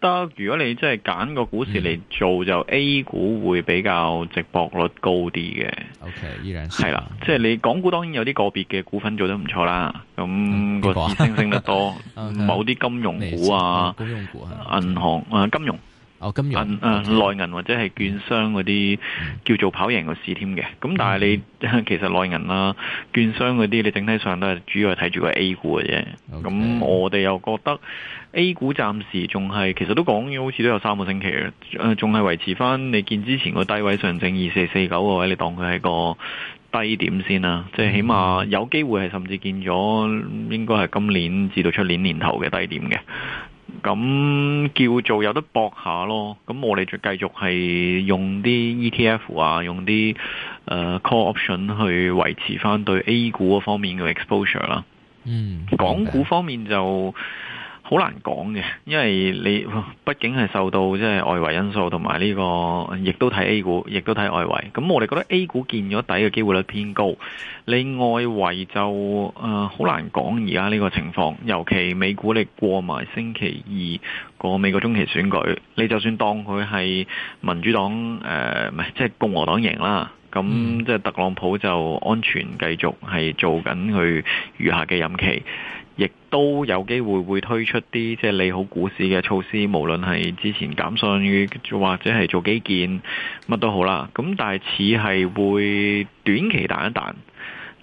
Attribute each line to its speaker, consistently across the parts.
Speaker 1: 得，如果你真係揀個股市嚟做，嗯，就 A 股會比較值搏率高啲嘅。
Speaker 2: O K，係啦，即
Speaker 1: 係、就是，你港股當然有啲個別嘅股份做得唔錯啦。咁，嗯嗯嗯，個市升升得多， okay, 某啲金融股啊，銀、啊啊、行啊，金融。哦，金融，嗯，內銀或者係券商嗰啲叫做跑贏個市添嘅。咁、嗯、但係你、嗯、其實內銀啦、券商嗰啲，你整體上都係主要係睇住個 A 股嘅啫。咁 Okay. 我哋又覺得 A 股暫時仲係，其實都講咗，好似都有三個星期仲係維持翻你見之前個低位上證二四四九個位，你當佢係個低點先啦、啊。嗯、即係起碼有機會係甚至見咗，應該係今年至到出年年頭嘅低點嘅。咁叫做有得搏下咯，咁我哋就繼續係用啲 E T F 啊，用啲誒、呃、call option 去維持翻對 A 股嗰方面嘅 exposure 啦。嗯，港股方面就。好難講嘅，因為你畢、呃、竟係受到即係、就是、外圍因素同埋呢個，亦都睇 A 股，亦都睇外圍。咁我哋覺得 A 股見咗底嘅機會率偏高。你外圍就誒好、呃、難講而家呢個情況，尤其美股你過埋星期二過美國中期選舉，你就算當佢係民主黨誒，唔、呃、係即係共和黨贏啦，咁、嗯、即係特朗普就安全繼續係做緊佢餘下嘅任期。都有機會會推出啲即係利好股市嘅措施，無論係之前減稅，或者係做基建，乜都好啦。咁但係似係會短期彈一彈，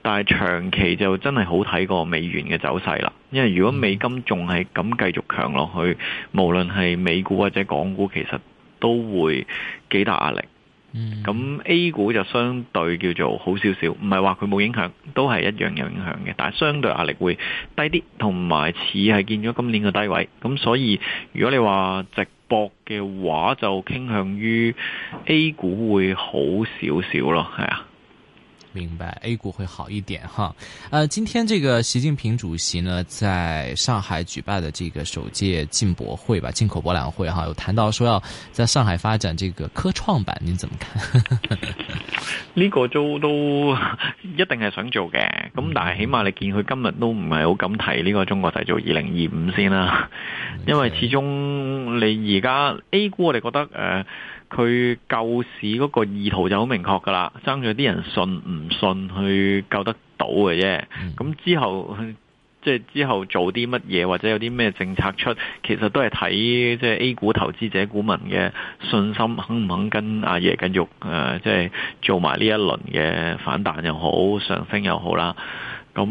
Speaker 1: 但係長期就真係好睇過美元嘅走勢啦。因為如果美金仲係咁繼續強落去，無論係美股或者港股，其實都會幾大壓力。咁、嗯、A 股就相對叫做好少少，唔係話佢冇影響，都係一樣有影響嘅，但係相對壓力會低啲，同埋似係見咗今年嘅低位，咁所以如果你話值搏嘅話就傾向於 A 股會好少少咯，係啊。
Speaker 2: 明白，A 股會好一點哈。呃，今天這個習近平主席呢，在上海舉辦的這個首屆進博會吧，進口博覽會哈，有談到說要在上海發展這個科創板，你怎麼看？呢 個都都一定係想
Speaker 1: 做嘅，咁但係起碼你見佢今日都唔係好敢提呢、這個中國製造二零二五先啦，因為始終你而家 A 股我哋覺得誒。呃佢救市嗰個意圖就好明確噶啦，爭住啲人信唔信佢救得到嘅啫。咁、嗯、之後即係、就是、之後做啲乜嘢或者有啲咩政策出，其實都係睇即係 A 股投資者股民嘅信心肯唔肯跟阿爺繼續誒，即、呃、係、就是、做埋呢一輪嘅反彈又好上升又好啦。咁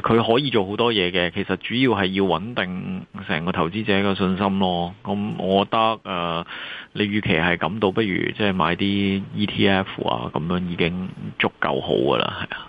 Speaker 1: 佢、嗯、可以做好多嘢嘅，其實主要係要穩定成個投資者嘅信心咯。咁、嗯、我覺得誒、呃，你預期係咁，倒不如即係買啲 ETF 啊，咁樣已經足夠好㗎喇，係啊。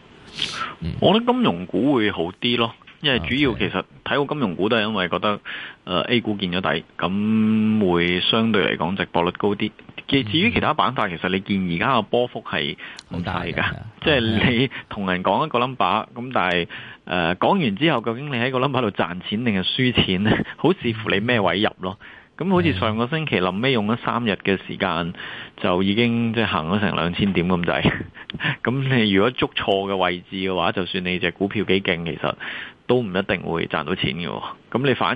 Speaker 1: 我覺得金融股會好啲咯，因為主要其實睇過金融股都係因為覺得誒、呃、A 股見咗底，咁會相對嚟講值搏率高啲。其至於其他板塊，其實你見而家個波幅係好大噶，即係你同人講一個 number，咁但係誒講完之後，究竟你喺個 number 度賺錢定係輸錢咧， 好視乎你咩位入咯。咁好似上個星期臨尾用咗三日嘅時間，就已經即係行咗成兩千點咁滯。咁你如果捉錯嘅位置嘅話，就算你隻股票幾勁，其實都唔一定會賺到錢嘅。咁你反而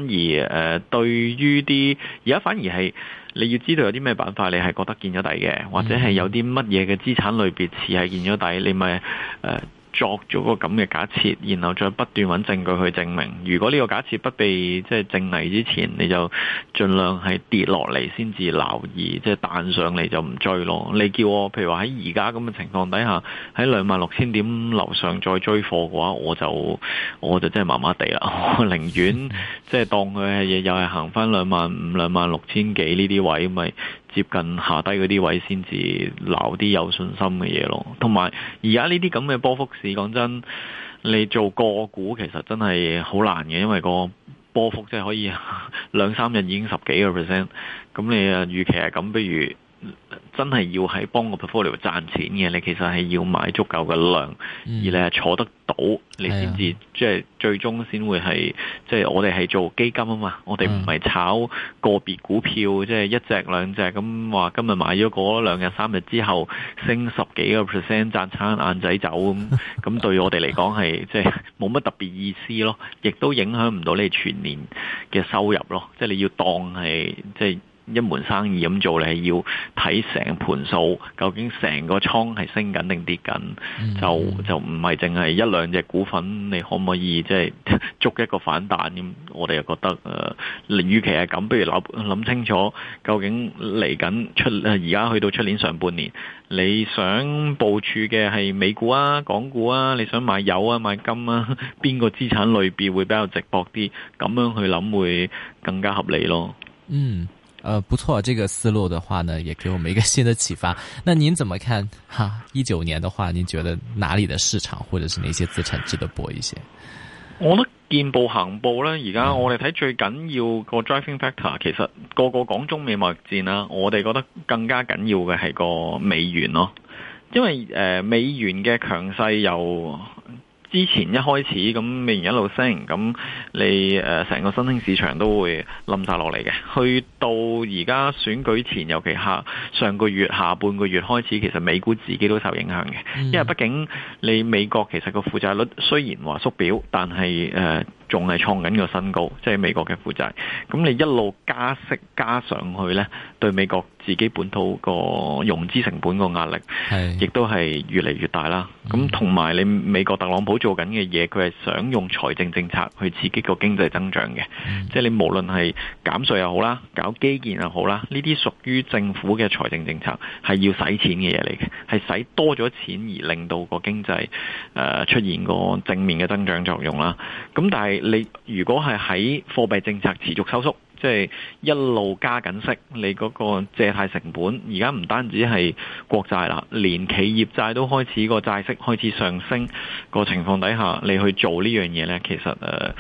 Speaker 1: 誒，對於啲而家反而係你要知道有啲咩板塊，你係覺得見咗底嘅，或者係有啲乜嘢嘅資產類別似係見咗底，你咪誒。作咗個咁嘅假設，然後再不斷揾證據去證明。如果呢個假設不被即係證偽之前，你就盡量係跌落嚟先至留意，即係彈上嚟就唔追咯。你叫我譬如話喺而家咁嘅情況底下，喺兩萬六千點樓上再追貨嘅話，我就我就真係麻麻地啦。我寧願即係當佢嘅嘢又係行返兩萬五、兩萬六千幾呢啲位咪。接近下低嗰啲位先至撈啲有信心嘅嘢咯，同埋而家呢啲咁嘅波幅市，講真，你做個股其實真係好難嘅，因為個波幅即係可以兩 三日已經十幾個 percent，咁你啊預期係咁，不如。真係要係幫個 portfolio 賺錢嘅，你其實係要買足夠嘅量，嗯、而你係坐得到，你先至、嗯、即係最終先會係，即係我哋係做基金啊嘛，我哋唔係炒個別股票，即係一隻兩隻咁話，今日買咗嗰兩日三日之後升十幾個 percent，賺餐晏仔走咁，咁對我哋嚟講係即係冇乜特別意思咯，亦都影響唔到你全年嘅收入咯，即係你要當係即係。一門生意咁做你係，要睇成盤數，究竟成個倉係升緊定跌緊，mm hmm.，就就唔係淨係一兩隻股份，你可唔可以即係、就是、 捉一個反彈咁？我哋又覺得，誒、呃，與其係咁，不如諗諗清楚，究竟嚟緊出而家去到出年上半年，你想部署嘅係美股啊、港股啊，你想買油啊、買金啊，邊個資產類別會比較值博啲？咁樣去諗會更加合理咯。嗯、
Speaker 2: mm。Hmm. 呃，不錯，這個思路的話呢，也給我們一個新的啟發。那您怎麼看？哈，一九年的話，您覺得哪裏的市場或者是哪些資產值得搏一些？
Speaker 1: 我覺得見步行步呢。而家我哋睇最緊要個 driving factor，其實個個講中美貿易戰啦、啊，我哋覺得更加緊要嘅係個美元咯、啊，因為誒、呃、美元嘅強勢有。之前一開始咁，美元一路升，咁你誒成、呃、個新興市場都會冧晒落嚟嘅。去到而家選舉前，尤其下上個月下半個月開始，其實美股自己都受影響嘅，嗯、因為畢竟你美國其實個負債率雖然話縮表，但係誒仲係創緊個新高，即、就、係、是、美國嘅負債。咁你一路加息加上去呢，對美國。自己本土個融資成本個壓力，是亦都係越嚟越大啦。咁同埋你美國特朗普做緊嘅嘢，佢係想用財政政策去刺激個經濟增長嘅。嗯、即係你無論係減稅又好啦，搞基建又好啦，呢啲屬於政府嘅財政政策，係要使錢嘅嘢嚟嘅，係使多咗錢而令到個經濟誒、呃、出現個正面嘅增長作用啦。咁、嗯、但係你如果係喺貨幣政策持續收縮。即係一路加緊息，你嗰個借貸成本而家唔單止係國債啦，連企業債都開始，個債息開始上升，個情況底下，你去做呢樣嘢呢，其實誒、呃、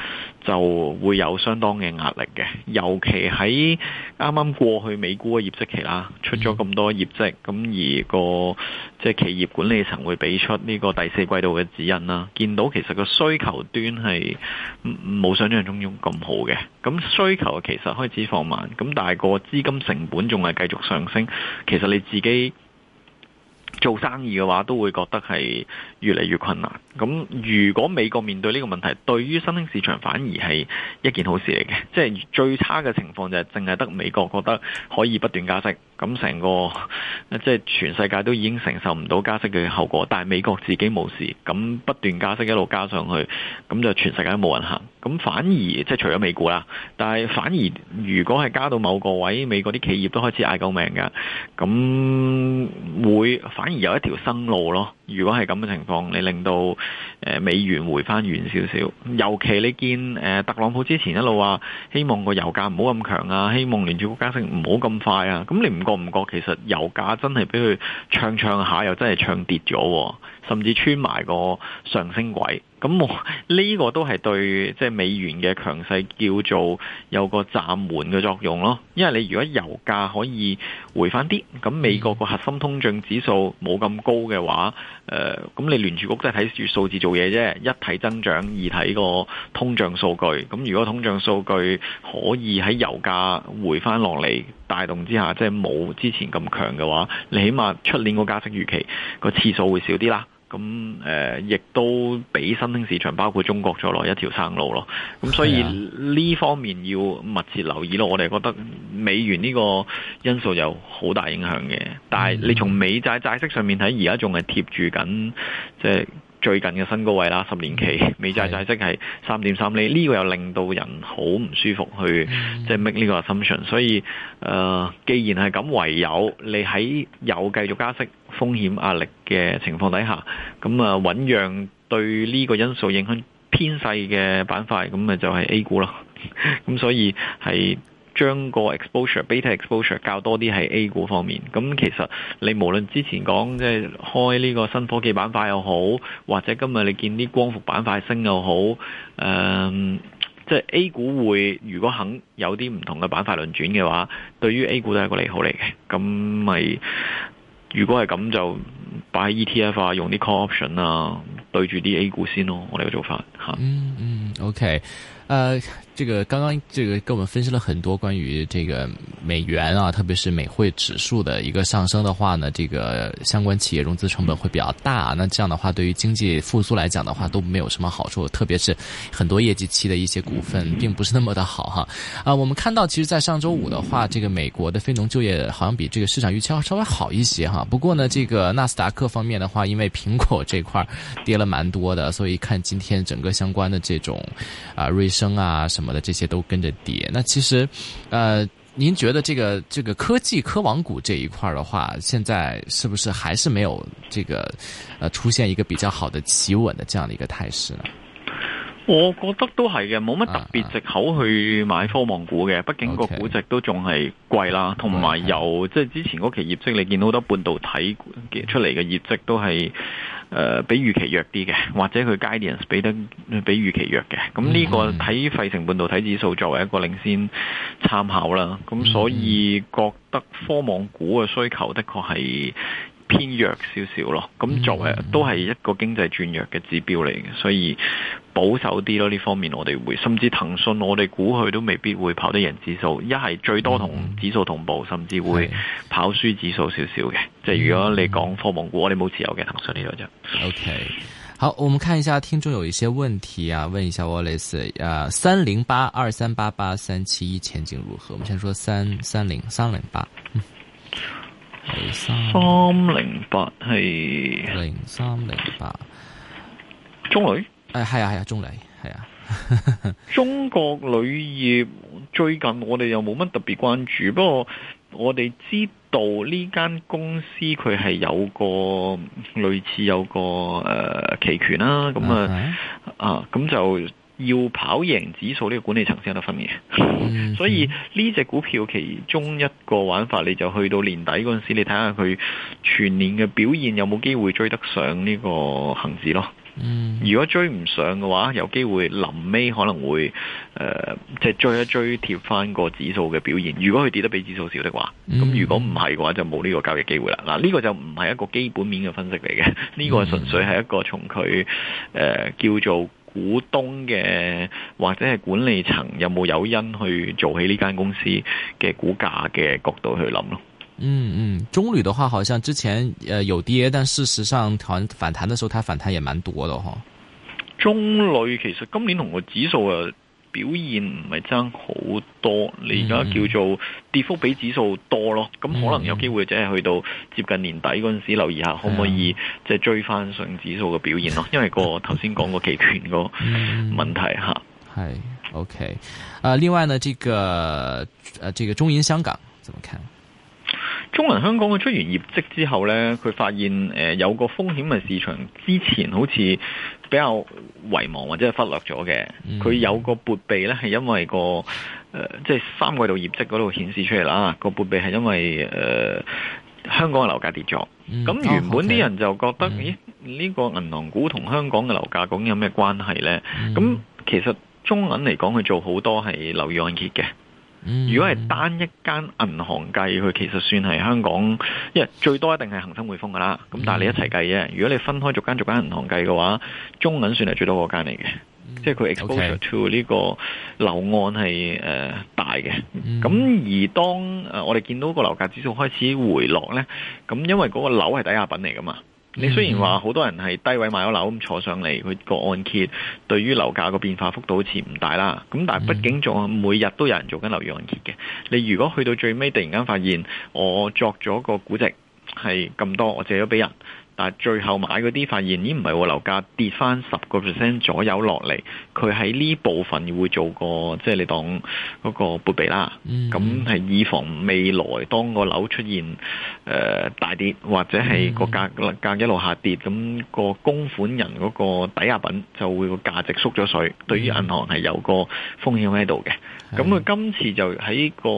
Speaker 1: 就會有相當嘅壓力嘅，尤其喺啱啱過去美股嘅業績期啦，出咗咁多業績，咁而、個。即係企業管理層會俾出呢個第四季度嘅指引啦，見到其實個需求端係冇想象中種咁好嘅，咁需求其實開始放慢，咁但係個資金成本仲係繼續上升，其實你自己做生意嘅話都會覺得係越嚟越困難。咁如果美國面對呢個問題，對於新興市場反而係一件好事嚟嘅，即係最差嘅情況就係淨係得美國覺得可以不斷加息，咁成個。即係全世界都已經承受唔到加息嘅後果，但係美國自己冇事，咁不斷加息一路加上去，咁就全世界都冇人行。咁反而即係除咗美股啦，但係反而如果係加到某個位，美國啲企業都開始嗌救命嘅，咁會反而有一條生路咯。如果係咁嘅情況，你令到美元回翻原少少，尤其你見誒、呃、特朗普之前一路話希望個油價唔好咁強啊，希望聯儲局加息唔好咁快啊，咁你唔覺唔覺其實油價真係俾佢唱唱下，又真係唱跌咗，啊，甚至穿埋個上升軌。咁我呢個都係對即係美元嘅強勢叫做有個暫緩嘅作用咯，因為你如果油價可以回翻啲，咁美國個核心通脹指數冇咁高嘅話，誒、呃、咁你聯儲局都係睇住數字做嘢啫，一睇增長，二睇個通脹數據。咁如果通脹數據可以喺油價回翻落嚟帶動之下，即係冇之前咁強嘅話，你起碼出年個加息預期個次數會少啲啦。咁誒、呃，亦都俾新興市場，包括中國再來一條生路咯。咁所以呢方面要密切留意咯。我哋覺得美元呢個因素有好大影響嘅，但係你從美債債息上面睇，而家仲係貼住緊，即係。最近嘅新高位啦，十年期美債債息係三點三厘，呢、這個又令到人好唔舒服，去即係 make 呢個 assumption。所以誒、呃，既然係咁，唯有你喺有繼續加息風險壓力嘅情況底下，咁啊揾樣對呢個因素影響偏細嘅板塊，咁咪就係 A 股咯。咁 所以係。將個 exposure、beta exposure 較多啲係 A 股方面。咁其實你無論之前講即係開呢個新科技板塊又好，或者今日你見啲光伏板塊升又好，誒、嗯，即、就、係、是、A 股會如果肯有啲唔同嘅板塊輪轉嘅話，對於 A 股都係一個利好嚟嘅。咁咪如果係咁就擺 ETF 啊，用啲 call option 啊，對住啲 A 股先咯。我哋嘅做法嚇、嗯。
Speaker 2: 嗯嗯，OK，誒、uh。這個剛剛這個跟我們分析了很多關於這個美元啊，特別是美匯指數的一個上升的話呢，這個相關企業融資成本會比較大，那這樣的話對於經濟復甦來講的話都沒有什麼好處，特別是很多業績期的一些股份並不是那麼的好哈。啊，我們看到其實在上周五的話，這個美國的非農就業好像比這個市場預期要稍微好一些哈。不過呢，這個納斯達克方面的話，因為蘋果這塊跌了蠻多的，所以看今天整個相關的這種啊瑞聲啊什麼。我的這些都跟着跌。那其實，呃，您覺得這個這個科技科網股這一塊的話，現在是不是還是沒有這個，呃，出現一個比較好的企穩的這樣的一個態勢呢？
Speaker 1: 我覺得都係嘅，冇乜特別借口去買科網股嘅。啊、畢竟 Okay. 個估值都仲係貴啦，同埋有即係哇之前嗰期業績，你見到好多半導體出嚟嘅業績都係。誒、呃、比預期弱啲嘅，或者佢 guidance 俾得比預期弱嘅，咁呢、呢個睇費城半導體指數作為一個領先參考啦，咁所以覺得科網股嘅需求的確係偏弱少少咯，咁作為都係一個經濟轉弱嘅指標嚟嘅，所以。保守啲咯，呢方面我哋會，甚至騰訊我哋估佢都未必會跑得贏指數，一係最多同指數同步，嗯、甚至會跑輸指數少少嘅。嗯、即係如果你講科網股我哋冇持有
Speaker 2: 嘅騰訊呢樣嘢。O、okay, K，好，我們看一下聽眾有一些問題啊，問一下我 l e 啊，三零八二三八八三七一前景如何？我們先說三三零三零八，三零八係零三零八，中旅？誒，係啊，係啊，中旅係啊。啊
Speaker 1: 中國旅業最近我哋又冇乜特別關注，不過我哋知道呢間公司佢係有個類似有個誒期、呃、權啦，咁啊啊，咁、啊 uh huh. 啊、就要跑贏指數呢個管理層先有得分嘅。 所以呢隻、uh huh. 股票其中一個玩法，你就去到年底嗰陣時，你睇下佢全年嘅表現有冇機會追得上呢個恒指咯。嗯，如果追唔上嘅話，有機會臨尾可能會誒，即、呃、係、就是、追一追貼翻個指數嘅表現。如果佢跌得比指數少嘅話，咁如果唔係嘅話，就冇呢個交易機會啦。嗱、啊，呢、這個就唔係一個基本面嘅分析嚟嘅，呢、這個純粹係一個從佢誒、呃、叫做股東嘅或者係管理層有冇有因去做起呢間公司嘅股價嘅角度去諗咯。
Speaker 2: 嗯嗯，中旅的話，好像之前誒、呃、有跌，但事實上彈反彈的時候，它反彈也蠻多的哈。中旅其實今年同個
Speaker 1: 指數啊表現唔係爭好多，你而家叫做跌幅比指數多咯，咁可能有機會即係去到接近年底嗰陣時，留意下可唔可以
Speaker 2: 即係追翻上，上指數嘅表現咯，嗯、因為個頭先講過期權個問題吓。係 OK，誒，啊嗯、另外呢，這個誒，這個中銀香港怎麼看？中銀香港佢出完業績之後呢，佢發現誒、呃、有個
Speaker 1: 風險嘅市場之前好似比較遺忘或者忽略咗嘅，佢、mm hmm. 有個撥備呢，係因為個、呃、即係三個季度業績嗰度顯示出嚟啦，個撥備係因為誒、呃、香港嘅樓價跌咗，咁、mm
Speaker 2: hmm. oh, okay. 原本啲
Speaker 1: 人就覺得咦呢、呢個銀行股同香港嘅樓價究竟有咩關係呢？咁、mm hmm. 嗯、其實中銀嚟講佢做好多係樓宇按揭嘅。如果係單一間銀行計佢，其實算係香港，因為最多一定係恒生匯豐噶啦。咁但係你一齊計啫。如果你分開逐間逐間銀行計嘅話，中銀算係最多嗰間嚟嘅，嗯、即係佢 exposure Okay. to 呢個樓按係誒、呃、大嘅。咁、嗯、而當誒、呃、我哋見到個樓價指數開始回落呢，咁因為嗰個樓係抵押品嚟噶嘛。你雖然話好多人係低位買咗樓咁坐上嚟，佢個按揭對於樓價個變化幅度好似唔大啦。咁但係畢竟仲每日都有人做緊樓宇按揭嘅。你如果去到最尾突然間發現，我作咗個估值係咁多，我借咗俾人。但最後買嗰啲發現，呢唔係喎，樓價跌翻十個 percent 左右落嚟，佢喺呢部分會做個即係、就是、你當嗰個撥備啦。咁係、嗯嗯、以防未來當個樓出現誒、呃、大跌，或者係個價格一路下跌，咁、那個供款人嗰個抵押品就會個價值縮咗水，嗯嗯對於銀行係有個風險喺度嘅。咁佢今次就喺個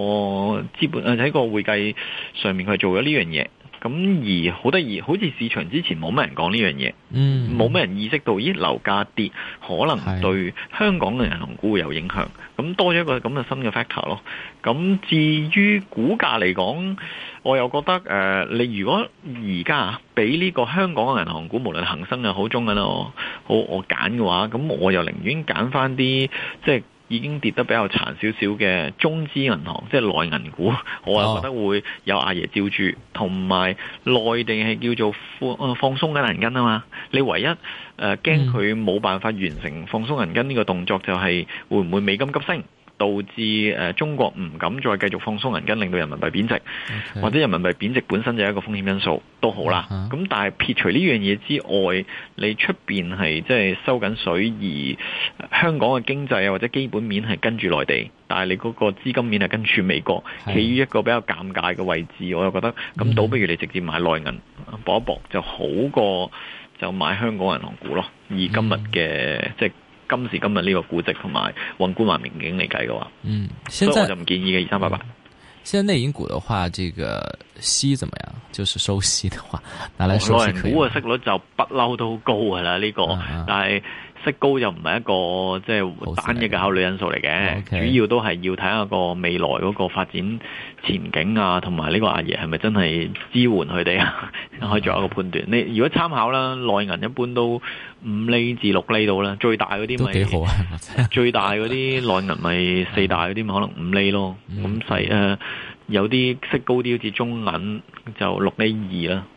Speaker 1: 資本喺、呃、個會計上面佢做咗呢樣嘢。咁而好得意，好似市場之前冇乜人講呢樣嘢，嗯、冇乜人意識到咦，樓價跌可能對香港嘅銀行股會有影響，咁是的 多咗一個咁嘅新嘅 factor 咯。咁至於股價嚟講，我又覺得誒、呃、你如果而家啊，俾呢個香港嘅銀行股，無論恒生又好中銀啦，我好我揀嘅話，咁我又寧願揀翻啲即係。已經跌得比較殘少少嘅中資銀行，即係內銀股，我係覺得會有阿爺照住，同埋內地係叫做放放鬆緊銀根啊嘛。你唯一誒驚佢冇辦法完成放鬆銀根呢個動作，就係會唔會美金急升？導致誒、呃、中國唔敢再繼續放鬆銀根，令到人民幣貶值，Okay. 或者人民幣貶值本身就係一個風險因素都好啦。咁、uh huh. 但係撇除呢樣嘢之外，你出邊係即係收緊水，而香港嘅經濟啊或者基本面係跟住內地，但係你嗰個資金面係跟住美國，企於一個比較尷尬嘅位置，我又覺得咁倒不如你直接買內銀搏、uh huh. 一搏就好過就買香港銀行股咯。而今日嘅即係。Uh huh. uh huh. 今時今日呢個估值同埋宏觀環境嚟計嘅話，嗯，
Speaker 2: 現在所以
Speaker 1: 我就唔建議嘅二三八八，嗯、
Speaker 2: 現在內銀股嘅話，呢、這個息怎麼樣？就是收息的話，拿來收息可以股嘅
Speaker 1: 息率就不嬲都高嘅啦，呢、這個，嗯啊、但係。息高又唔係一個即係單一嘅考慮因素嚟嘅，主要都係要睇下個未來嗰個發展前景啊，同埋呢個阿爺係咪真係支援佢哋啊？ 可以做一個判斷。嗯、你如果參考啦，內銀一般都五厘至六厘度啦，最大嗰啲咪，好？最大嗰啲內銀咪四大嗰啲， 可能五厘咯。咁細誒，有啲息高啲，好似中銀就六厘二啦。嗯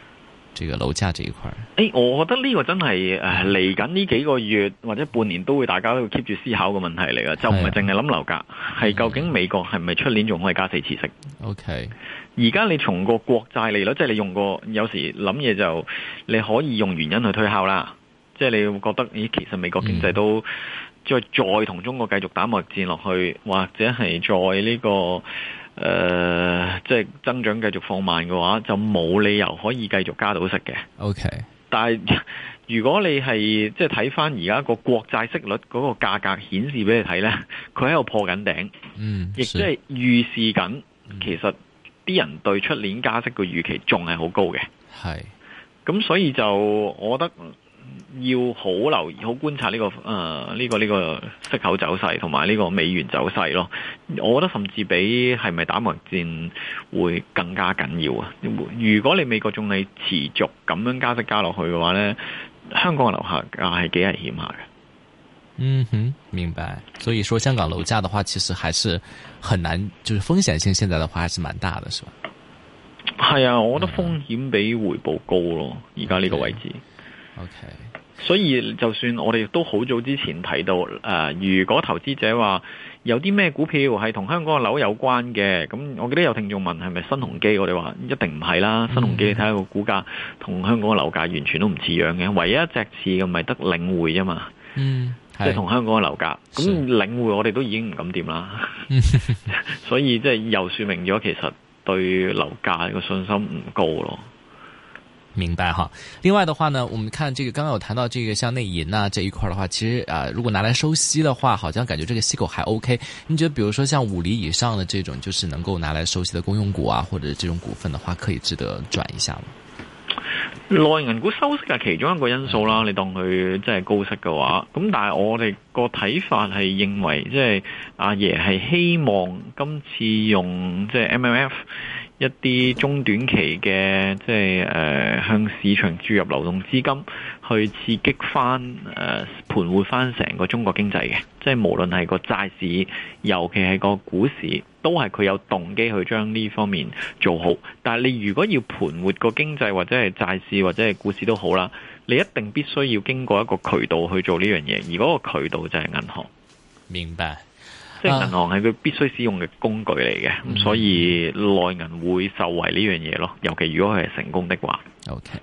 Speaker 2: 這個樓價這一塊，誒、
Speaker 1: 哎，我覺得呢個真係誒嚟緊呢幾個月或者半年都會大家都 keep 住思考嘅問題嚟噶，就唔係淨係諗樓價，係、啊、究竟美國係唔係出年仲可以加四次息？OK，而家你從個國債利率，即係你用個有時諗嘢就你可以用原因去推敲啦，即係你會覺得咦，其實美國經濟都、嗯、再再同中國繼續打貿易戰落去，或者係再呢、這個。誒、呃，即係增長繼續放慢嘅話，就冇理由可以繼續加到息嘅。OK，但係如果你係即係睇翻，而家個國債息率嗰個價格顯示俾你睇呢，佢喺度破緊頂，
Speaker 2: 嗯，亦即係
Speaker 1: 預示緊，其實啲人對出年加息嘅預期仲係好高嘅。係，咁所以就我覺得。要好留意、好觀察呢、這個誒呢、呃，這個呢、這個息口走勢，同埋呢個美元走勢咯。我覺得甚至比係咪打貿易戰會更加緊要啊！如果你美國總理持續咁樣加息加落去嘅話呢，香港嘅樓價係幾危險㗎！嗯哼，
Speaker 2: 明白。所以說香港樓價的話，其實還是很難，就是風險性現在的話，還是蠻大嘅，是
Speaker 1: 吧？係啊，我覺得風險比回報高咯。而家呢個位置，OK, okay. 所以就算我哋都好早之前提到，誒、呃，如果投資者話有啲咩股票係同香港嘅樓有關嘅，咁我記得有聽眾問係咪新鴻基，我哋話一定唔係啦，新鴻基你睇下個股價同香港嘅樓價完全都唔似樣嘅，唯一一隻似嘅咪得領匯啊嘛，嗯，
Speaker 2: 即係同香
Speaker 1: 港嘅樓價，咁領匯我哋都已經唔敢掂啦，
Speaker 2: 是
Speaker 1: 所以即係又説明咗其實對樓價個信心唔高咯。
Speaker 2: 明白哈，另外的話呢，我們看這個，剛剛有談到這個，像內銀啊這一塊的話，其實啊、呃，如果拿來收息的話，好像感覺這個息口還 OK。你覺得，比如說像五厘以上的這種，就是能夠拿來收息的公用股啊，或者這種股份的話，可以值得轉一下嗎？
Speaker 1: 內銀股收息嘅其中一個因素啦，嗯、你當佢真係高息嘅話，咁但係我哋個睇法係認為，即係阿、啊、爺係希望今次用即係 MLF。一啲中短期嘅，即係誒、呃，向市場注入流動資金，去刺激翻誒、呃，盤活翻成個中國經濟嘅。即係無論係個債市，尤其係個股市，都係佢有動機去將呢方面做好。但係你如果要盤活個經濟，或者係債市，或者係股市都好啦，你一定必須要經過一個渠道去做呢樣嘢，而嗰個渠道就係銀行。
Speaker 2: 明白。即係銀
Speaker 1: 行係佢必須使用嘅工具嚟嘅，咁、嗯、所以內銀會受惠呢樣嘢咯，尤其如果佢係成功的
Speaker 2: 話。OK，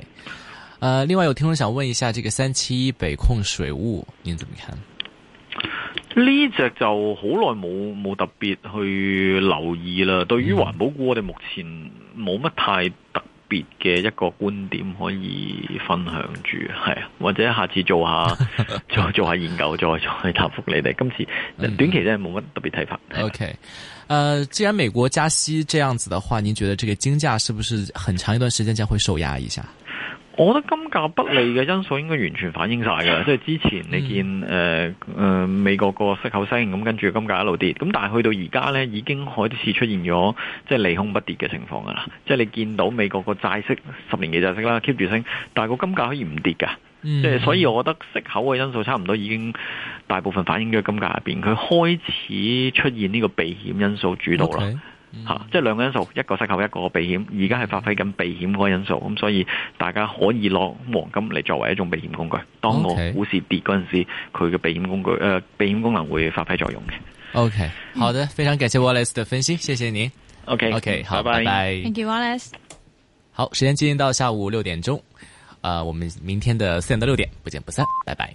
Speaker 2: 誒，另外有聽眾想問一下，這個三七一北控水務，您怎麼看？
Speaker 1: 呢隻就好耐冇冇特別去留意啦。對於環保股，我哋目前冇乜太特。嗯別嘅一個觀點可以分享住，係啊，或者下次做下， 再做下研究，再再答覆你哋。今次，短期真係冇乜特別睇法。
Speaker 2: OK，誒、呃，既然美國加息這樣子的話，您覺得這個金價是不是很長一段時間將會受壓一下？
Speaker 1: 我覺得金價不利嘅因素應該完全反映曬㗎啦，即係之前你見誒誒美國個息口升，咁跟住金價一路跌，咁但係去到而家呢，已經開始出現咗即係利空不跌嘅情況㗎啦，即係你見到美國個債息十年嘅債息啦 keep 住升，但係個金價可以唔跌㗎，嗯、即係所以我覺得息口嘅因素差唔多已經大部分反映咗喺金價入邊，佢開始出現呢個避險因素主導啦。Okay. 吓，嗯、即係兩個因素，一個收購，一個避險。而家係發揮緊避險嗰個因素，咁、嗯、所以大家可以攞黃金嚟作為一種避險工具。當個股市跌嗰陣時，佢嘅避險工具誒、呃、避險功能會發揮作用嘅。
Speaker 2: OK，好的，非常感謝 Wallace 的分析，謝謝你。OK，OK，好，拜拜。Thank you，Wallace。好，時間進行到下午六點鐘、呃，我們明天的四點到六點不見不散，拜拜。